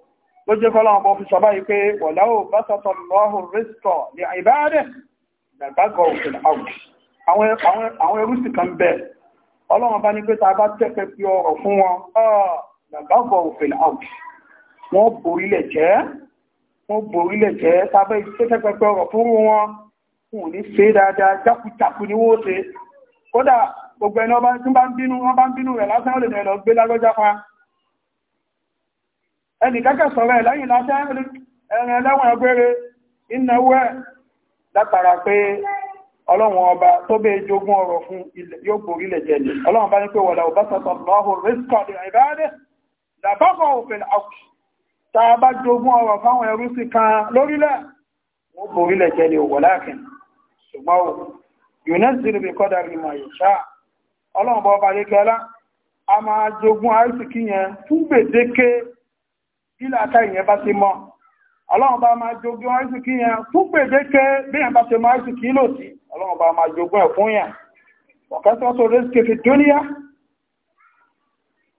[SPEAKER 1] ló jẹ́ kọ́lá ọmọ fi sọ́bá yìí pé wọ̀láwò bá sọ́tọ̀ lọ́hùn rẹ́sítọ̀ ní àìbáadẹ̀ nàgbàgọ̀ òfin àwọn ẹrúsì kan bẹ̀ ọlọ́run bá ní pé ta bá tẹ́fẹ́ fi ọrọ̀ fún wọn nàgbàgọ̀ òfin out wọ́n borílẹ̀ jẹ́ wọ́n borílẹ̀ jẹ́ ta bá tẹ́fẹ́ fi ọrọ̀ fún wọn wọn ní ṣe dáadáa jákujàku ni wọ́n ṣe kódà gbogbo ẹni wọ́n bá ń bínú rẹ̀ lásán ẹnì kẹ́kẹ́ sọ̀rọ̀ ẹ̀ lẹ́yìn lásán ẹ̀rìn ẹlẹ́wọ̀n ẹgbẹ́rẹ́ ìnáwó ẹ̀ látara pé ọlọ́run ọba tó bẹ́ẹ̀ jogún ọrọ̀ fún yóò borí lẹ̀ jẹ́ ni ọlọ́run bá ní pé wọ̀lá ọba sọ̀tọ̀ lọ́hùn rìsíkọ̀ ní ìbáde làbọ́bọ̀ òfin àkù tá a bá jogún ọrọ̀ fáwọn ẹrú sí kan lórílẹ̀ máa jogún àìsíkí yẹn fún gbèdéke ilẹ̀ aka ìyẹn bá ti mọ́ ọlọ́run bá máa jogún àìsìkí yẹn fún gbèdéke bí yẹn bá ti mọ́ àìsìkí lò sí ọlọ́run bá máa jogún ẹ̀ fún yẹn ọ̀kẹ́sọ́ tó risk fi dúníyà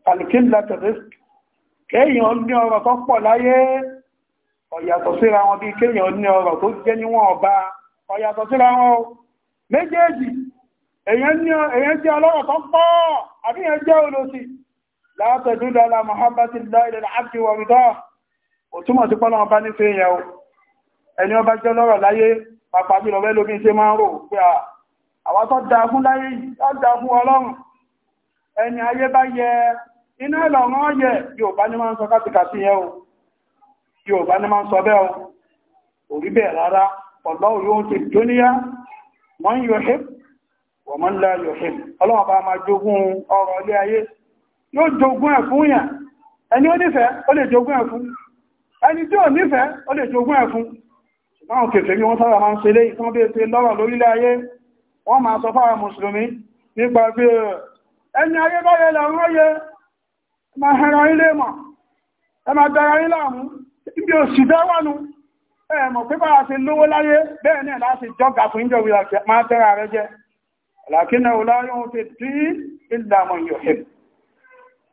[SPEAKER 1] kàlùkìlá tó risk kéèyàn ní ọrọ̀ tó pọ̀ láyé ọ̀yàtọ̀ síra wọn bí kéèyàn ní ọrọ̀ tó jẹ́ níwọ̀n ọba ọ̀yàtọ̀ síra wọn méjèèjì èèyàn jẹ́ ọlọ́rọ̀ tó pọ̀ àbí èèyàn jẹ́ olóṣì látẹ̀dú dára mọ̀hábátí láìlẹ̀ àti wọ̀rùdọ́ òtúmọ̀ sí pọ́lọ̀ ọba nífẹ́ ìyẹ̀ o ẹni ọba jẹ́ lọ́rọ̀ láyé pàpà bí lọ́wẹ́ lómi ṣe máa ń rò pé àwọn tó dáa fún láyé dáa fún ọlọ́run ẹni ayé bá yẹ iná ìlọ̀rán yẹ Yorùbá ní máa ń sọ kátìkàtì o Yorùbá ní máa ń sọ o orí bẹ́ẹ̀ rárá ọ̀lọ́ yóò ti dúníyá wọ́n hip wọ́n mọ́ lá yóò hip ọlọ́run bá máa jogún ọrọ̀ ilé ayé yóò jogún ẹ̀ fún yàn ẹni ó nífẹ̀ẹ́ ó lè jogún ẹ̀ fún ẹni tí ó nífẹ̀ẹ́ ó lè jogún ẹ̀ fún ṣùgbọ́n kèfè bí wọ́n sára máa ń ṣe lé ìtàn bí ṣe lọ́rọ̀ lórílẹ̀ ayé wọ́n máa sọ fáwọn mùsùlùmí nípa bí ẹni ayé báyẹ̀ làwọn yẹ ma hẹ̀rọ ilé mọ̀ ẹ ma dára ilé àmú ibi òsì dáwànú ẹ mọ̀ pé bá a ṣe lówó láyé bẹ́ẹ̀ náà láti jọ́gà fún ìjọ máa tẹ́ra rẹ jẹ làkínà ọlá yóò fi tí ìlàmọ̀ yóò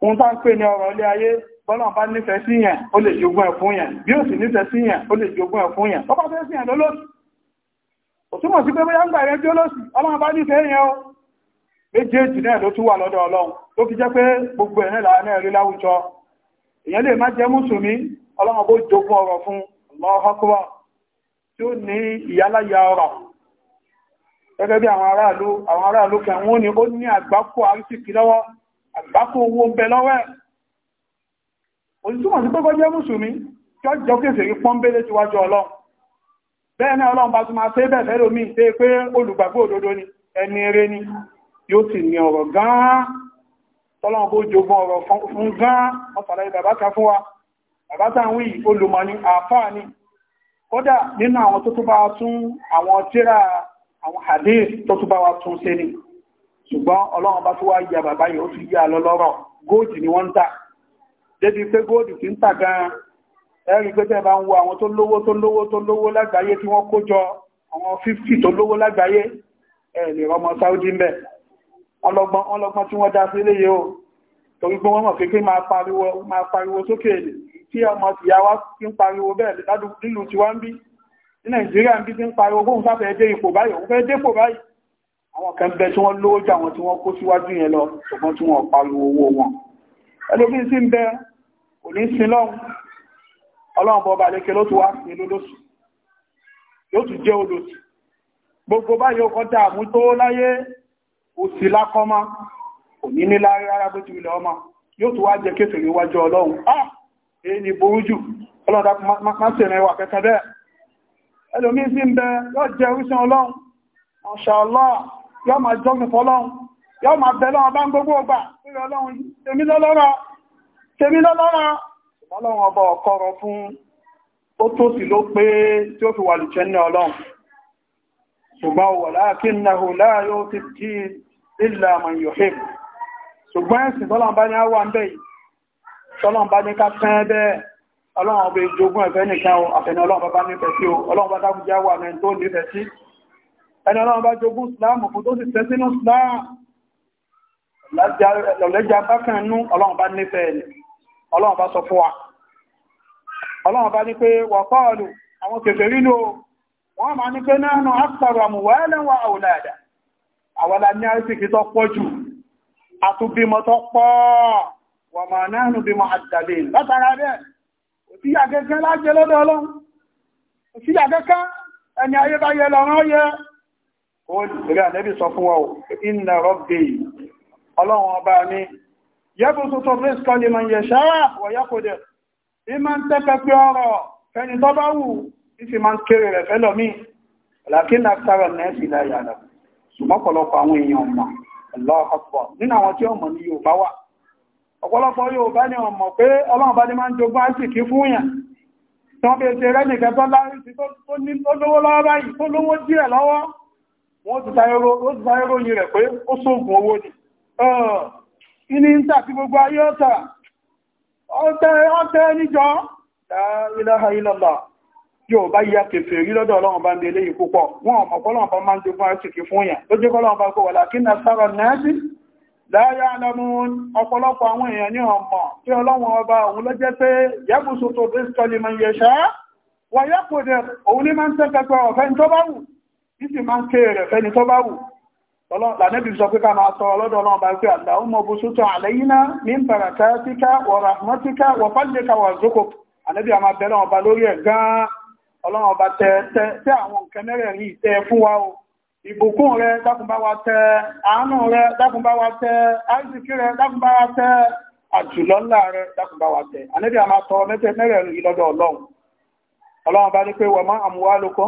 [SPEAKER 1] ohun tá ń pè ní ọrọ̀ ilé ayé bọ́lọ̀n bá nífẹ̀ẹ́ sí yẹn ó lè jogún ẹ̀ fún yẹn bí ó sì nífẹ̀ẹ́ sí yẹn ó lè jogún ẹ̀ fún yẹn ó bá fẹ́ sí yẹn lólóòsì ó túmọ̀ sí pé bóyá ń gbà rẹ bí olóòsì ọlọ́run bá nífẹ̀ẹ́ yẹn o méjèèjì náà ló tún wà lọ́dọ̀ ọlọ́run gbogbo náà rí láwùjọ àgbákò owó ń bẹ lọ́wọ́ ẹ̀ òtítúmọ̀ sí pé kọjẹ́ mùsùlùmí jọjọ kéèsè rí pọ́nbélé ti wájú ọlọ́run bẹ́ẹ̀ náà ọlọ́run bá tún máa ṣe bẹ̀ẹ̀ fẹ́lò míì tẹ́ pé olùgbàgbọ́ òdodo ni ẹni eré ni yóò sì ní ọ̀rọ̀ gan-an tọ́lọ́run bó jogun ọ̀rọ̀ fún gan-an ọ̀sàlẹ̀ bàbá kan fún wa bàbá táwọn yìí olùmọ̀ ni àáfàá ni kódà nínú àwọn tó tún bá wa tún àwọn tíra àwọn hadith tó tún bá wa tún ṣe ni ṣùgbọ́n ọlọ́run bá tó wá ya bàbá yìí ó tún yá lọ́lọ́rọ̀ góòdì ni wọ́n ń tà débi pé góòdì ti ń tà gan-an ẹ̀rí pé tẹ́ bá ń wo àwọn tó lówó tó lówó tó lówó lágbàáyé tí wọ́n kó jọ àwọn 50 tó lówó lágbàáyé ẹ̀ lè rọmọ Saudi mbẹ̀ ọlọ́gbọ́n ọlọ́gbọ́n tí wọ́n dá sí léyè o torí pé wọ́n mọ̀ pé máa pariwo máa pariwo sókè èdè tí ọmọ ìyá wa ti ń pariwo bẹ́ẹ̀ nílùú tiwa ń bí ní Nàìjíríà ń bí ti ń pariwo bóun sáfẹ́ dé ipò báyìí òun fẹ́ dépò báyìí àwọn kan bẹ tí wọ́n lówó jà wọn tí wọ́n kó síwájú yẹn lọ ṣùgbọ́n tí wọ́n pariwo owó wọn ẹlòmí sí ń bẹ kò ní sin lọ́hùn ọlọ́run bọba àlékè ló tún wá sí lólóṣù yóò tún jẹ́ olóṣù gbogbo báyìí ó kọjá àmú tó láyé òsì lákọ́mọ́ kò ní nílá rárá bó ti wílẹ̀ ọmọ yóò tún wá jẹ kéfèrè wájú ọlọ́run ah èyí ni burú jù ọlọ́run dákun má sì rìn wà kẹ́kẹ́ bẹ́ẹ̀ ẹlòmí sí ń bẹ yóò jẹ orísun Allah yọ́ ma jọ́gbìn fọ́lọ́run yọ́ ma bẹ̀lọ́ ọba ń gbogbo ọgbà pẹ̀lú ọlọ́run tèmi lọ́lọ́rọ̀ tèmi lọ́lọ́rọ̀ ọlọ́run ọba ọ̀kọ́rọ̀ fún ó tó sì ló pé tí ó fi wà lùchẹ́ ní ọlọ́run ṣùgbọ́n wọ̀ láàkí náà láàyò ti di ilẹ̀ àmà yòhìm ṣùgbọ́n ẹ̀sìn tọ́lọ́n bá ní á wà ń bẹ̀ yìí tọ́lọ́n bá ní ká tẹ́ bẹ́ẹ̀ ọlọ́run ọba ìjogún ẹ̀fẹ́ nìkan àfẹ́ni ọlọ́run bá nífẹ̀ẹ́ sí o ọlọ́run bá dákúnjẹ́ wà mẹ́ tó nífẹ̀ẹ́ sí ẹni ọlọ́run bá jogún islam fún tó sì tẹ́ sínú islam lọ́lẹ́jà bákan nú ọlọ́run bá nífẹ̀ẹ́ ni ọlọ́run bá sọ fún wa ọlọ́run bá ní pé wà pọ́ọ̀lù àwọn kèfèrí ló wọ́n máa ní pé náà àpàrọ̀ àmùwẹ́lẹ́wà àwòlàdà àwọ́lá ní àrísìkì tó pọ̀ jù àtúbímọ̀ tó pọ̀ wà máa náà bímọ̀ àdàlẹ̀ látara bẹ́ẹ̀ òsíyà kẹ́kẹ́ lájẹ́ lọ́dọ̀ ọlọ́run òsíyà kẹ́kẹ́ ẹni ayébáyé lọ́rọ̀ yẹ orí ànẹ́bì sọ wa o inna rabbi ọlọ́run ọba mi yẹ́bù tuntun rískan lè mọ̀ yẹ̀ṣẹ́ wọ̀yẹ́kòdẹ̀ ní ma ń tẹ́pẹ́ pé ọrọ̀ fẹ́ni tó bá wù ní sì ma ń kéré rẹ̀ fẹ́lọ mí lakin aktara nẹ́ẹ̀sì láyàdà ṣùgbọ́pọ̀lọpọ̀ àwọn èèyàn mọ̀ ọlọ́ọ̀pọ̀ nínú àwọn tí ó mọ̀ ní Yorùbá wà ọ̀pọ̀lọpọ̀ Yorùbá ni ọmọ pé ọlọ́run bá ní máa ń jogún àṣìkí fún yàn tí wọ́n wọ́n ti sáré ròyìn rẹ̀ pé ó sóògùn owó ni ìní ń tà tí gbogbo ayé ọ̀tà ọ̀tẹ́ níjọ́ ilaha illallah yóò bá yá kèfèé rí lọ́dọ̀ ọlọ́run bá ń belé yìí púpọ̀ wọn ọmọ ọ̀pọ̀lọ́run bá máa ń jogún àṣìkì fún yàn ló jẹ́ kọ́lọ́run bá kó wà lákí na sára nẹ́ẹ̀sì láyá alamu ọ̀pọ̀lọpọ̀ àwọn èèyàn ní ọmọ tí ọlọ́run ọba òun ló jẹ́ pé yẹ́bùsù tó bí sọ́lì mọ̀ yẹ̀ṣá wà yẹ́kùdẹ̀ òun ní máa ń tẹ́kẹ̀ẹ́ ọ̀fẹ́ tó bá wù ìsì máa ń ké rẹ̀ fẹ́ni tó bá wù lànẹ́bì sọ pé ká máa sọ ọlọ́dọ̀ náà bá pé àdáhùn mọ́ bó sútọ̀ àlẹ́yìnà ní bàràkà tíká wọ̀rà mọ́ tíká wọ̀fàdéka wà zókò ànẹ́bì àmà bẹ̀rẹ̀ ọba lórí ẹ̀ gan-an ọlọ́run ọba tẹ àwọn nǹkan mẹ́rẹ̀ rí tẹ fún wa o ìbùkún rẹ dákùnbá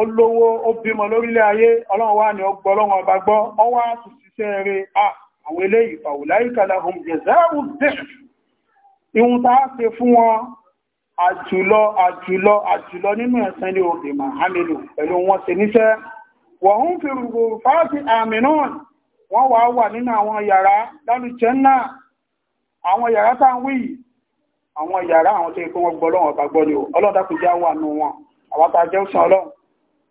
[SPEAKER 1] olówó ó bímọ lórílẹ̀ ayé ọlọ́run wá ní ọgbọ́ ọlọ́run ọba gbọ́ ọwá tún ṣiṣẹ́ rẹ̀ àwọn eléyìí fàwùláyíkà lahum jazā'u a ṣe fún wọn àjùlọ àjùlọ àjùlọ nínú ẹ̀sán ní òkè mahamilu pẹ̀lú wọn ṣe níṣẹ́ wọ́n ń fi rúgbò fáàtì àmì náà wọ́n wà wà nínú àwọn yàrá lálùjẹ́ náà àwọn yàrá tá ń wí àwọn yàrá àwọn tó yẹ kó wọ́n gbọ́ lọ́wọ́ bá gbọ́ ni ọlọ́dàkùnjá wà nù wọn àwọn tá a ọlọ́run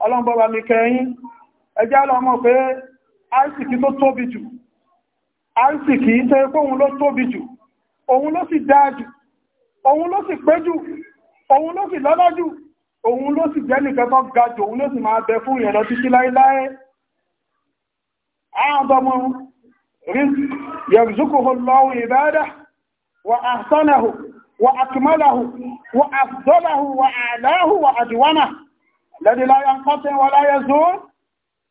[SPEAKER 1] ọlọ́mbọ́bà mi kẹyìn ẹjá lọ́mọ̀ pé àìsìkí tó tóbi jù àìsìkí tẹ́ kóhun ló tóbi jù òun ló sì dáa jù òun ló sì pé jù òun ló sì lọ́lá jù òun ló sì jẹ́ nìkan tó ga jù òun ló sì máa bẹ fún ìrẹ̀lọ títí láíláí àádọ́mọ yarzuquhu Allahu lẹ́dí láyá ń kọ́tẹ́ wọ láyé zún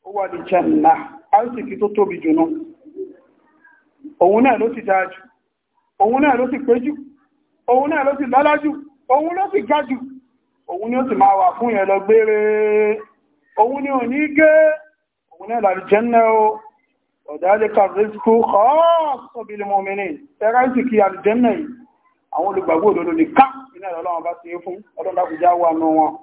[SPEAKER 1] ó wà ní jẹ́nà àrísìkí tó tóbi jù náà òun náà ló ti dájú òun náà ló ti péjú òun náà ló ti lọ́lájú òun ló ti gájú òun ni ó ti máa wà fún yẹn lọ gbére òun ni ò ní gé òun náà làrí jẹ́nà o ọ̀dálẹ́kà rẹ́sìkú ọ̀ọ́sọ̀bìlìmọ̀mìnì ẹ̀rá ìsìkí àlìjẹ́nà yìí àwọn olùgbàgbọ́ òdòdó nìkan ìnáà lọ́wọ́ bá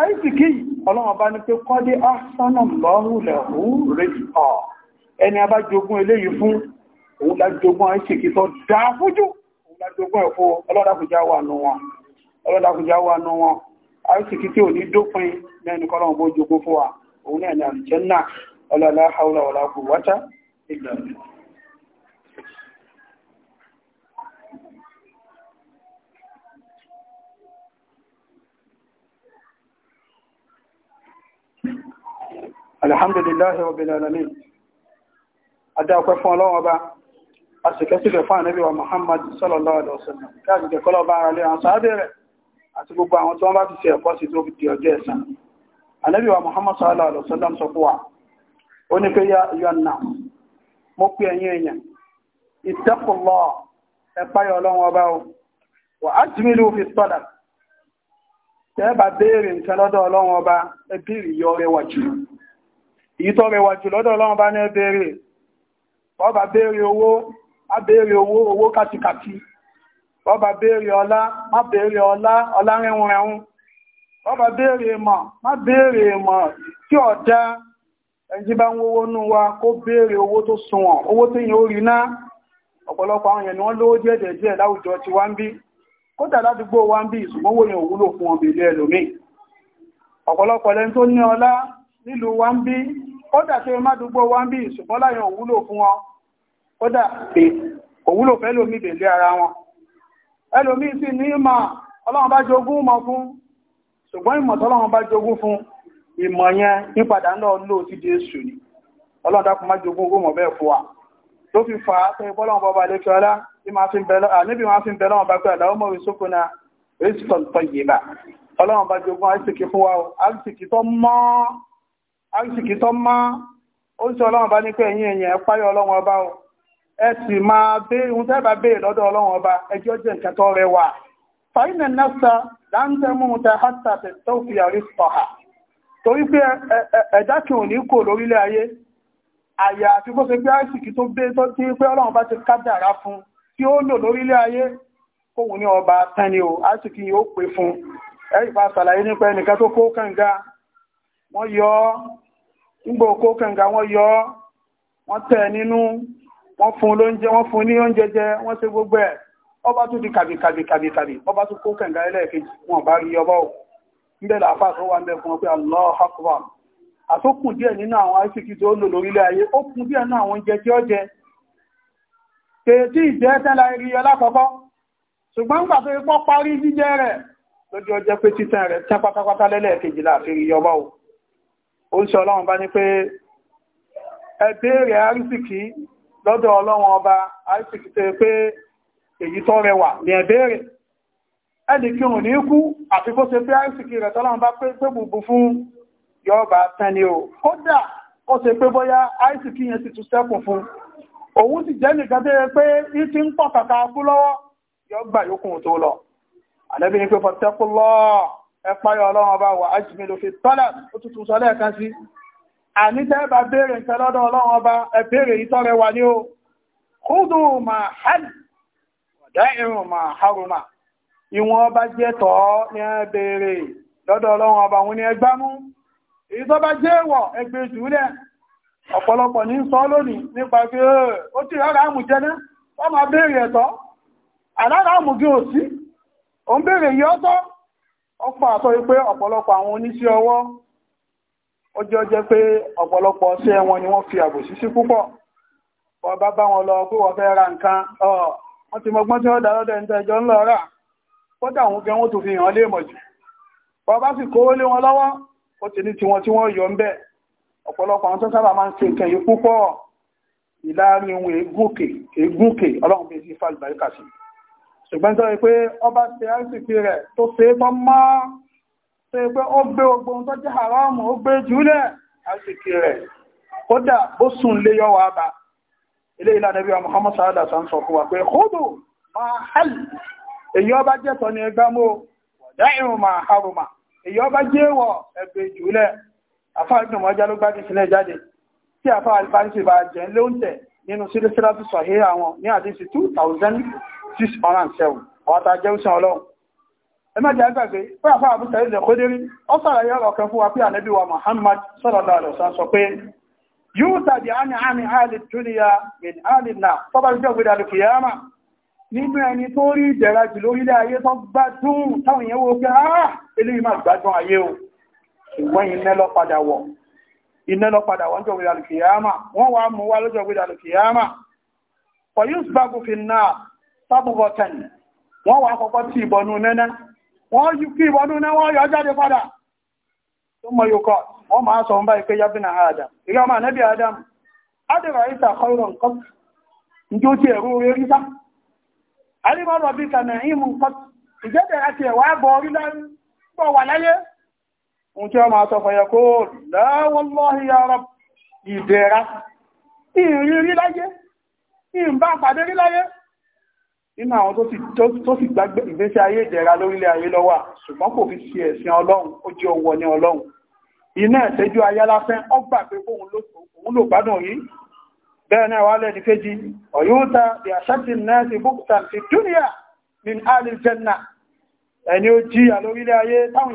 [SPEAKER 1] àìsìkí ọlọ́wọ́n bá ní pé kọ́dé ásánà lọ́rùlẹ̀ òúrẹ̀ ọ̀ ẹni a bá jogún eléyìí fún òun lájogún àìsìkí tó dáa fójú òun lájogún ẹ̀fọ́ ọlọ́dàkùjá wà nù wọn àìsìkí tí ò ní dópin lẹ́nu kọ́lọ́wọ́n bó jogún fún wa òun náà ni àlùjànnà ọlọ́lá haúlá wàlá kùwátá ìgbàlẹ̀ alhamdulillahi rabbil alamin adáwọ̀pẹ́ fún ọlọ́wọ́ bá a sì kẹ́sìkẹ́ fún ànábì wa muhammad sallallahu alaihi wasallam káàkiri kọ́lọ̀ bá ara lé àwọn sáábẹ̀ rẹ̀ àti gbogbo àwọn tí wọ́n ti ṣe ẹ̀kọ́ sí wa muhammad sallallahu alaihi wasallam wa ó ní pé yá mo pè ìtọ́ rẹwà jù lọ́dọ̀ ọlọ́run bá ní ẹbẹ̀rẹ̀ ọba béèrè owó a béèrè owó owó kàtìkàtì ọba béèrè ọlá má béèrè ọlá ọlá rẹ̀hún rẹ̀hún ọba béèrè ìmọ̀ má béèrè ìmọ̀ tí ọ̀dá ẹjí bá ń wówó nú wa kó béèrè owó tó sunwọ̀n owó tí yìí ó rí ná ọ̀pọ̀lọpọ̀ àwọn èèyàn ni wọ́n lówó díẹ̀ láwùjọ ti wá ń bí kódà ládùúgbò wá ń bí ìsùnmówó yẹn òwúlò fún ọmọ ilé ẹlòmíì ọ̀pọ̀lọpọ̀ lẹ́ni tó ní ọlá nílùú wá ń bí kódà tí o má dúgbò wá ń bí ìṣùgbọ́n láyọ̀ òwúlò fún wọn kódà pé òwúlò fẹ́ lómi bèlé ara wọn ẹlòmí sí ní ìmọ̀ ọlọ́run bá jogún mọ̀ fún ṣùgbọ́n ìmọ̀ tọ́lọ́run bá jogún fún ìmọ̀ yẹn nípadà náà lò sí di èṣù ni ọlọ́run dákun má jogún ogún mọ̀ bẹ́ẹ̀ fún wa ló fi fà á pé bọ́lọ́run bọ́ba lẹ́kẹ́ ọlá níbi wọn fi ń bẹ lọ́wọ́n bá pé àdáwọ́ mọ̀ ìṣókò na èsì tọ̀ yìí bá ọlọ́run bá jogún àìsìkì fún wa àìsìkì tó mọ́ àríṣìkí tó má ó sì ọlọ́run bá ní pé ẹ̀yin èèyàn ẹ páyọ ọlọ́run ọba o ẹ sì máa bé ohun tẹ́ bá béè lọ́dọ̀ ọlọ́run ọba ẹjọ́ jẹ́ nǹkan tó rẹwà fàínà nasa láńtẹ́ mú ta hátà tó fi àrí sọ̀hà torí pé ẹ̀dá kí òní kò lórílẹ̀ ayé àyà àti bó ṣe pé àríṣìkí tó bé tó ti pé ọlọ́run bá ti kádàrá fún tí ó lò lórílẹ̀ ayé kóhun ní ọba tán o àríṣìkí yóò pè fún ẹ̀yìn bá ṣàlàyé nípa ẹnìkan tó kó kànga wọ́n yọ ọ́ ńgbò kó kànga wọ́n yọ ọ́ wọ́n tẹ̀ nínú wọ́n fún lóúnjẹ wọn fún ní oúnjẹ jẹ wọ́n ṣe gbogbo ẹ e. ọba tún di kàbì kàbì kàbì kàbì ọba tún kó kànga wọn bá rí ọba ọ pé allah akbar àtòkùn díẹ̀ nínú àwọn aṣíkì tó lò lórílẹ̀ ayé ó kún díẹ̀ nínú àwọn oúnjẹ tí ó jẹ tẹ́lá ọlákọ̀ọ́kọ́ ṣùgbọ́n ń parí jíjẹ rẹ̀ lójú pé rẹ̀ ó ń ṣe ọlọ́run bá ní pé ẹ béèrè arísìkí lọ́dọ̀ ọlọ́run ọba arísìkí tẹ́ pé èyí tó rẹwà ní ẹ béèrè ẹni kí òun ní kú àfi kó ṣe pé arísìkí rẹ̀ tọ́lọ́run bá pé bùbù fún yọba tẹni o kódà ó ṣe pé bóyá arísìkí yẹn sì tún sẹ́kùn fún òun sì jẹ́ nìkan tẹ́ pé ní ti ń pọ̀ kàkà kú lọ́wọ́ yọgbà yókùn tó lọ àlẹ́bí ni pé fọ́tẹ́kù lọ́ọ̀ ẹ̀páyọ̀ ọlọ́run ọba wà ájìmìlò fi tọ́lá ó tútù sọ lẹ́ẹ̀kan sí ànítẹ́ bá béèrè ìtẹ́ lọ́dọ̀ ọlọ́run ọba ẹ̀bẹ̀rẹ̀ ìtọ́rẹ wà ní o kúdù mà hàn ọ̀dá ìrùn mà harùmà ìwọ̀n ọba jẹ́ tọ́ ni ẹgbámú èyí tó bá jẹ́ wọ̀ ẹgbẹ́ ìtúlẹ̀ ọ̀pọ̀lọpọ̀ ní sọ lónìí nípa pé ó ti rárá àmù jẹ́ná wọ́n máa béèrè ẹ̀tọ́ àlára àmù gí òsí òun béèrè yìí ọ́tọ́ ọ̀pọ̀ àtọ́ wípé ọ̀pọ̀lọpọ̀ àwọn oníṣẹ́ ọwọ́ ó jẹ́ jẹ́ pé ọ̀pọ̀lọpọ̀ ọṣẹ́ wọn ni wọ́n fi àbòsí sí púpọ̀ wọ́n bá bá wọn lọ pé wọ́n fẹ́ ra nǹkan wọ́n ti mọgbọ́n tí wọ́n dá lọ́dẹ̀ ní ẹjọ́ ńlọ rà kódà àwọn gan wọ́n tó fi hàn lé mọ̀jù wọ́n bá sì kówó lé wọn lọ́wọ́ ó ti ní tiwọn tí wọ́n yọ ń bẹ̀ ọ̀pọ̀lọpọ̀ àwọn tó sábà máa ń ṣe nǹkan yìí púpọ̀ ìlàrin ohun ègúnkè ọlọ́run fi sí fàlùbáríkà sí i ṣùgbọ́n tó rí pé ọba ṣe àìsìkí rẹ̀ tó ṣe tọ́ máa ṣe pé ó gbé ogun tó jẹ́ haramu ó gbé jùlẹ̀ àìsìkí rẹ̀ kódà bó sùn lé yọ wà bá ilé ìlànà bí Muhammad sáádà sàn sọ fún wa pé kódò máa hàl èyí ọba jẹ́ tọ́ ní ẹgbẹ́ mú wọ̀dá ìrùn máa harùmà èyí ọba jẹ́ wọ ẹgbẹ́ jùlẹ̀ afá ìgbìmọ̀ jálógbádìí sílẹ̀ jáde tí afá alifáńsì bá jẹ́ lóúnjẹ nínú sílẹ̀sílátù sọ̀hẹ́ àwọn ní àdísì 2607 ọ̀tà jẹ́rùsàn ọlọ́run ẹmẹ́jẹ́ agbàgbé pẹ́lú àbúta ilẹ̀ kódérí ó sàràyé ọ̀rọ̀ kan fún wa pé ànábì wa Muhammad sallallahu alaihi wasallam sọ pé yóò tàbí àmì àmì àlè dúnìyà min àlè náà tọ́bá iná lọ padà wọ́n jọ̀gbé alìkìyàmà wọ́n wá mú wá lọ́jọ́ náà wọ́n kọ́kọ́ tí ìbọnú nẹ́nẹ́ wọ́n yí kí ìbọnú nẹ́ wọ́n yọ jáde padà tó yóò kọ́ wọ́n máa sọ ìpé nẹ́bí adìrà ìta kọ́rọ̀ nǹkan njó ti ẹ̀rú orí sá ìmú nǹkan ìjẹ́dẹ̀ àti ẹ̀wà bọ̀ orí bọ̀ wà láyé ohun tí ó máa sọ fẹ́yẹ kó láwọ́lọ́hì yára ìdẹ̀ra ìrírí láyé ìbá pàdé rí láyé nínú àwọn tó sì gbàgbé ìgbésí ayé ìdẹ̀ra lórílẹ̀ ayé lọ́wà ṣùgbọ́n kò fi ṣe ẹ̀sìn ọlọ́run ó jẹ́ owó ní ọlọ́run iná ẹ̀sẹ́jú ayé lásán ó gbà pé òun ló gbádùn yìí bẹ́ẹ̀ náà ó jíyà lórílẹ̀ ayé táwọn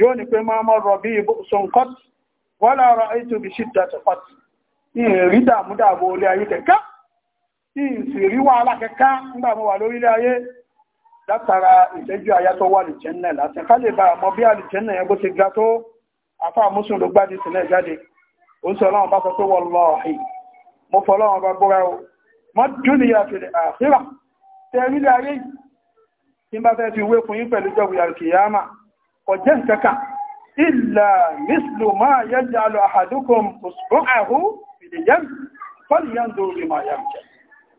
[SPEAKER 1] yóò ní pé máa mọ́rọ̀ bí i sọ̀nkọ́t wọ́n láàrọ̀ àìtò bí ṣídà tọ́kọ́t ìrìn dàmúdàbò olé ayé kẹ̀kẹ́ ìsì rí wàhálà kẹ̀kẹ́ nígbà mọ́ wà lórílẹ̀ ayé látara ìtẹ́jú àyá tó wà lìjẹ́nà láti ká lè bá àmọ́ bí àlìjẹ́nà yẹn bó ti ga tó afá àmúsùn ló gbádìí sílẹ̀ jáde ó sọ ọlọ́run bá sọ pé wọ́n lọ ọ̀hìn mo fọ ọlọ́run bá búra o mọ́ dúnìyà fìlẹ̀ àfíra tẹ́rílẹ̀ ayé yìí tí bá fẹ́ fi wé fún yín pẹ̀lú jọ̀wìyà kìyàmà kọjẹ́ nkẹ́kà ìlà mísìlù máa yẹ́jà lọ àhàdúkùn òṣùgbọ́n àhú ìdíyẹ́m fọ́nìyàn lórí máa yà jẹ́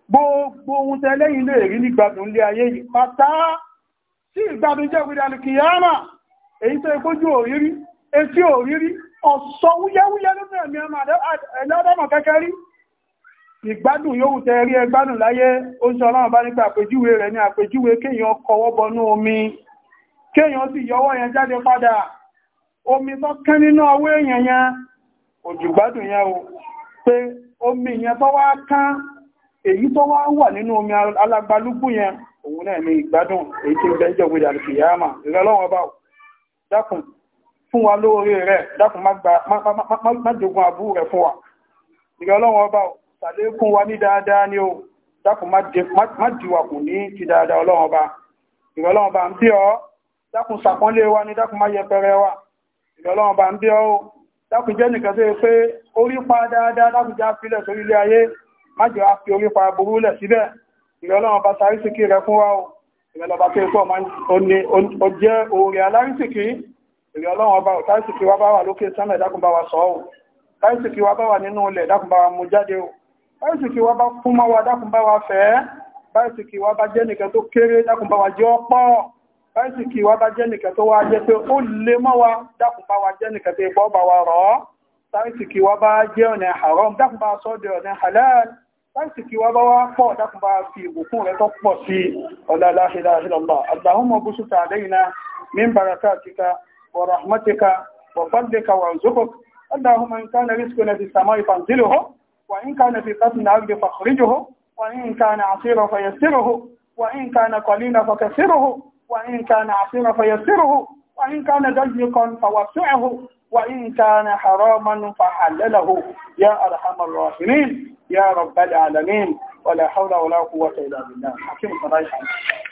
[SPEAKER 1] gbogbo ohun tẹ́lẹ́yìn lè rí ní gbádùn ilé ayé yìí pátá tí ìgbádùn jẹ́ wíri alìkìyàmà èyí tó ikójú òrírí etí òrírí ọ̀sọ̀ wúyẹ́wúyẹ́ ló fẹ́ mi ọmọ ẹ̀lọ́dọ́mọ̀ kẹ́kẹ́ rí yóò tẹ́ rí ẹgbádùn láyé ó ọlọ́run bá nípa àpèjúwe rẹ̀ ní àpèjúwe kéèyàn kọwọ́ bọnú omi kéèyàn sì yọwọ́ yẹn jáde padà omi tó kán nínú ọwọ́ èèyàn yẹn òjùgbádùn yẹn o pé omi yẹn tó wá kán èyí tó wá wà nínú omi alágbálúgbù yẹn òun náà ní ìgbádùn èyí tí ń bẹ́ jọ̀gbé dàrí fi yáàmà ìrẹ́lọ́wọ́n bá dákun fún wa lóore rẹ̀ dákun má jogun àbú rẹ̀ fún wa ìrẹ́lọ́wọ́n bá sàlékún wa ní dáadáa ni o dákun má jìwà kù ní ti dáadáa ọlọ́wọ́n bá ìrẹ́lọ́wọ́n bá ń bí ọ́ dákun sàpọ́nlé wa ní dákun má yẹpẹrẹ wa ìrọ̀lọ́wọ̀n bá ń bí ọ́ dákun jẹ́ nìkan tó yẹ pé orí pa dáadáa dákun já fílẹ̀ sórí ilé ayé má jẹ́ wá fi orí pa burú lẹ̀ síbẹ̀ ìrọ̀lọ́wọ̀n bá sáré síkì rẹ fún wa o ìrọ̀lọ́wọ̀n tó yẹ pé ó jẹ́ oore alárísìkì ìrọ̀lọ́wọ̀n bá táìsìkì wa bá wà lókè sánmẹ̀ dákun bá wa sọ o táìsìkì wa bá wà nínú ilẹ̀ dákun bá wa mú o táìsìkì wa bá kún mọ́ wa fẹ́ǹsì kí wá bá jẹ́nìkẹ́ tó wá jẹ́ pé ó lè mọ́ wa dákùnbá wa jẹ́nìkẹ́ tó ipọ́ bá wa rọ̀ ọ́ fẹ́ǹsì kí wá bá jẹ́ ọ̀nà haram dákùnbá sọ́dọ̀ ọ̀nà halal fẹ́ǹsì kí wá bá wá pọ̀ dákùnbá fi ìbùkún rẹ̀ tó pọ̀ sí ọ̀la وإن كان عسيرا فيسره وإن كان ضيقا فوسعه وإن كان حراما فحلله يا أرحم الراحمين يا رب العالمين ولا حول ولا قوة إلا بالله حكيم صلاحا